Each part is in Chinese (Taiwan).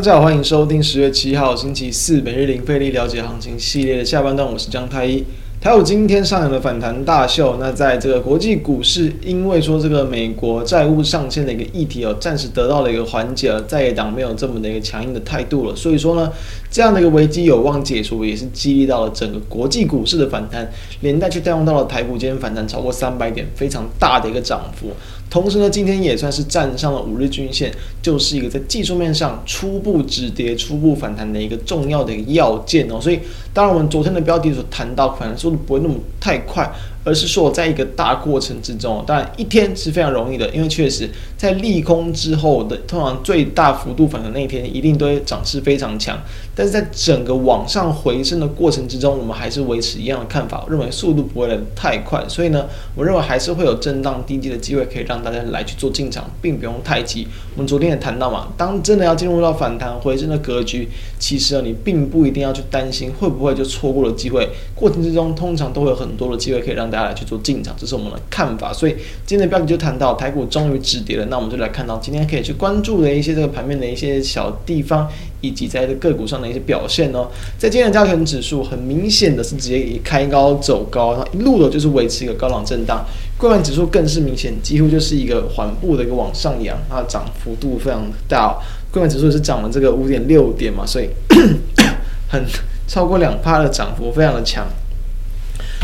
大家好，歡迎收聽十月七號星期四每日零費力了解行情系列的下半段。我是江太一。台股今天上演了反彈大秀。那在這個國際股市，因為說這個美國債務上限的一個議題，哦，暫時得到了一個緩解了，而在野黨沒有這麼的一個強硬的態度了。所以說呢。這樣的一個危機有望解除，也是激勵到了整個國際股市的反彈，連帶去帶動到了台股今天反彈超過三百點，非常大的一個漲幅。同時呢，今天也算是站上了五日均線，就是一個在技術面上初步止跌、初步反彈的一個重要的一個要件哦。所以，當然我們昨天的標題所談到，反彈速度不會那麼太快。而是說，在一個大過程之中，當然一天是非常容易的，因為確實在利空之後的通常最大幅度反彈那一天，一定都會漲勢非常強。但是在整個往上回升的過程之中，我們還是維持一樣的看法，認為速度不會太快。所以呢，我認為還是會有震盪低接的機會，可以讓大家來去做進場，並不用太急。我們昨天也談到嘛，當真的要進入到反彈回升的格局，其實啊，你並不一定要去擔心會不會就錯過了機會。過程之中，通常都會有很多的機會可以讓大家來去做進場，這是我們的看法。所以今天的標題就談到台股終於止跌了。那我們就來看到今天可以去關注的一些這個盤面的一些小地方，以及在這個個股上的一些表現哦。在今天的加權指數，很明顯的是直接以開高走高，然後一路的就是維持一個高檔震盪。櫃買指數更是明顯，幾乎就是一個緩步的一個往上揚，它的漲幅度非常大哦。櫃買指數也是漲了這個五點六點嘛，所以 很超過兩趴的漲幅，非常的強。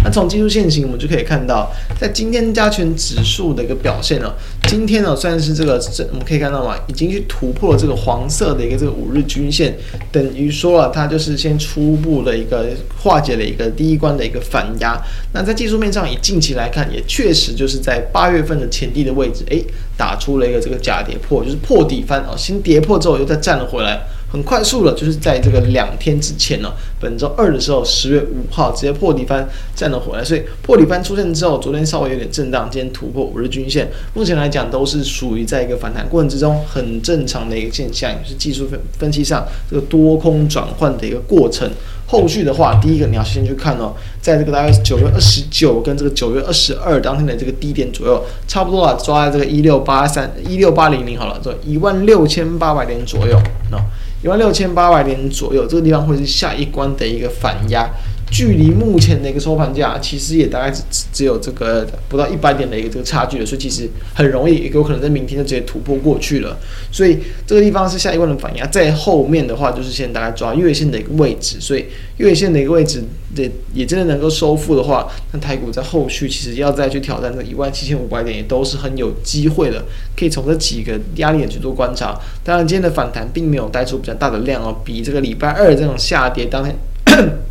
那從技術線型，我們就可以看到，在今天加權指數的一個表現呢、喔，今天呢、喔、算是這個，我們可以看到嘛，已經去突破了這個黃色的一個這個五日均線，等於說啊，它就是先初步的一個化解了一個第一關的一個反壓。那在技術面上，以近期來看，也確實就是在八月份的前低的位置，哎，打出了一個這個假跌破，就是破底翻、喔、先跌破之後又再站了回來。很快速的，就是在這個兩天之前呢，本周二的時候，十月五號直接破底翻站了回來，所以破底翻出現之後，昨天稍微有點震盪，今天突破五日均線，目前來講都是屬於在一個反彈過程之中，很正常的一個現象，也、就是技術分分析上這個多空轉換的一個過程。後續的話，第一個你要先去看哦，在這個大概是九月二十九跟這個九月二十二當天的這個低點左右，差不多啊，抓在這個一六八三一六八零零好了，這一萬六千八百點左右，喏，一萬六千八百點左右，這個地方會是下一關的一個反壓。距離目前的一個收盤價，其實也大概只只有這個不到一百點的一個這個差距了，所以其實很容易，也有可能在明天就直接突破過去了。所以這個地方是下一關的反壓，在後面的話就是現在大家抓月線的一個位置，所以月線的一個位置也真的能夠收復的話，那台股在後續其實要再去挑戰這一萬七千五百點也都是很有機會的，可以從這幾個壓力點去做觀察。當然今天的反彈並沒有帶出比較大的量哦，比這個禮拜二這種下跌當天。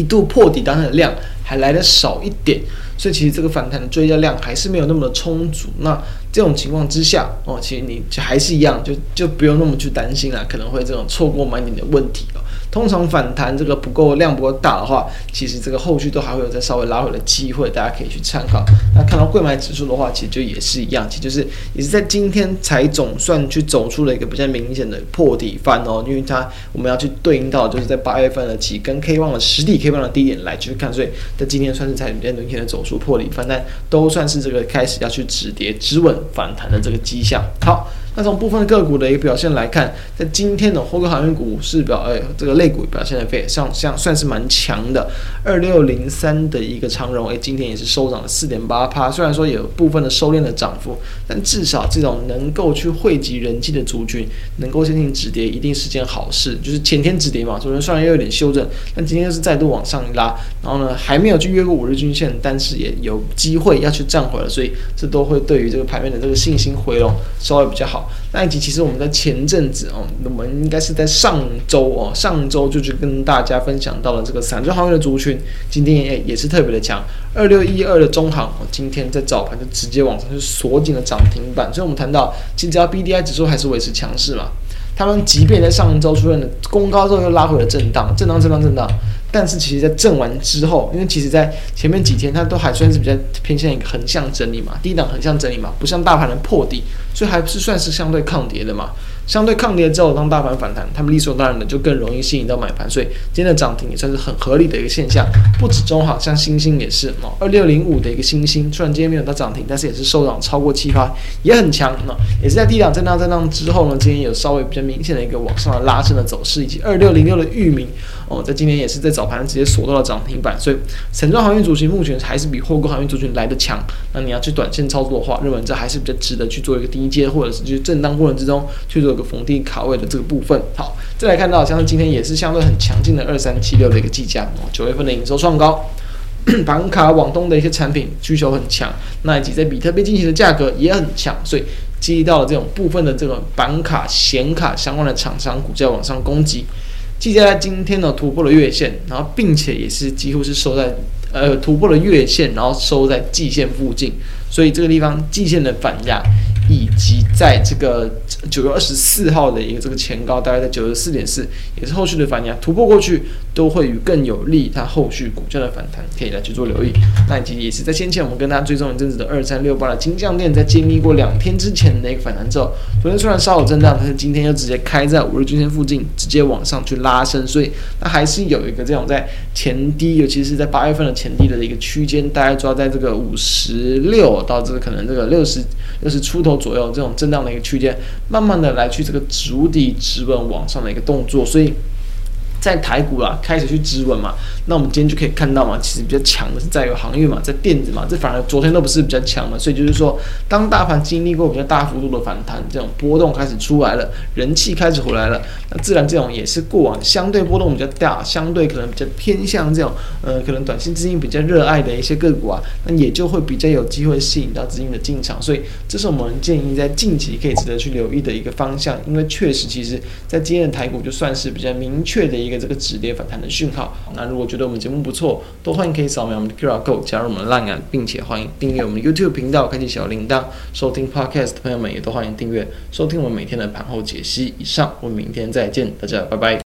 一度破底，當天的量還來得少一點，所以其實這個反彈的追加量還是沒有那麼的充足。那這種情況之下，哦，其實你就還是一樣，就就不用那麼去擔心了，可能會這種錯過買點的問題了通常反彈這個不夠量不夠大的話，其實這個後續都還會有再稍微拉回的機會，大家可以去參考。那看到櫃買指數的話，其實就也是一樣，其實就是也是在今天才總算去走出了一個比較明顯的破底翻哦，因為它我們要去對應到就是在八月份的幾根 K 棒的實體 K 棒的低點來去看，所以在今天算是才比較明顯的走出破底翻，但都算是這個開始要去止跌止穩反彈的這個跡象。好。那從部分個股的一個表現來看，在今天的貨櫃航運股是表，哎，這個類股表現的非常像，像，算是蠻強的。二六零三的一個長榮，哎，今天也是收漲了四點八趴。雖然說有部分的收斂的漲幅，但至少這種能夠去匯集人氣的族群，能夠進行止跌，一定是件好事。就是前天止跌嘛，昨天雖然又有點修正，但今天是再度往上一拉。然後呢，還沒有去越過五日均線，但是也有機會要去站回了，所以這都會對於這個盤面的這個信心回籠稍微比較好。那一集其實我們在前陣子哦，我們應該是在上周哦，上周就是跟大家分享到了這個散裝航運的族群，今天也也是特別的強。二六一二的中航哦，今天在早盤就直接往上去鎖緊了漲停板，所以我們談到，其實只要 B D I 指數還是維持強勢嘛。他們即便在上一周出現了攻高之後又拉回了震盪，震盪震盪震盪，但是其實在震完之後，因為其實在前面幾天它都還算是比較偏向一個橫向整理嘛，低檔橫向整理嘛，不像大盤能破底，所以還是算是相對抗跌的嘛。相對抗跌之後，當大盤反彈，他們理所當然的就更容易吸引到買盤，所以今天的漲停也算是很合理的一個現象。不止中航，像新興也是哦，二六零五的一個新興，雖然今天沒有到漲停，但是也是收漲超過七%，也很強哦，也是在低檔震盪震盪之後呢，今天也有稍微比較明顯的一個往上的拉升的走勢，以及二六零六的裕民哦，在今天也是在早盤直接鎖到了漲停板，所以散裝航運族群目前還是比貨櫃航運族群來得強。那你要去短線操作的話，認為這還是比較值得去做一個低接，或者是去震盪過程之中去做。逢低卡位的這個部分，好，再來看到，像今天也是相對很強勁的二三七六的一個技嘉，九月份的營收創高， 板卡、網通的一些產品需求很強，那以及在比特幣進行的價格也很強，所以刺激到了這種部分的這種板卡、顯卡相關的廠商股價往上攻擊。技嘉在今天呢突破了月線，然後並且也是幾乎是收在呃突破了月線，然後收在季線附近，所以這個地方季線的反壓，以及在這個。九月二十四號的一個這個前高，大概在九十四點四，也是後續的反應啊，突破過去。都會與更有利它後續股價的反彈，可以來去做留意。那其實也是在先前我們跟大家追蹤一陣子的二三六八的金像電，在經歷過兩天之前的一個反彈之後，昨天雖然稍有震盪，但是今天又直接開在五日均線附近，直接往上去拉升，所以它還是有一個這種在前低，尤其是在八月份的前低的一個區間，大概抓在這個五十六到這個可能這個六十六十出頭左右這種震盪的一個區間，慢慢的來去這個築底、止穩往上的一個動作，所以。在台股啊，開始去止穩嘛，那我們今天就可以看到嘛，其實比較強的是在有行業嘛，在電子嘛，這反而昨天都不是比較強嘛，所以就是說，當大盤經歷過比較大幅度的反彈，這種波動開始出來了，人氣開始回來了，那自然這種也是過往相對波動比較大，相對可能比較偏向這種，呃，可能短期資金比較熱愛的一些個股啊，那也就會比較有機會吸引到資金的進場，所以這是我們建議在近期可以值得去留意的一個方向，因為確實其實在今天的台股就算是比較明確的一。給這個止跌反彈的訊號。那如果覺得我們節目不錯，都歡迎可以掃描我們的 QR Code 加入我們的 Line，並且歡迎訂閱我們 YouTube 頻道，開啟小鈴鐺。收聽 Podcast 的朋友們也都歡迎訂閱，收聽我們每天的盤後解析。以上，我們明天再見，大家拜拜。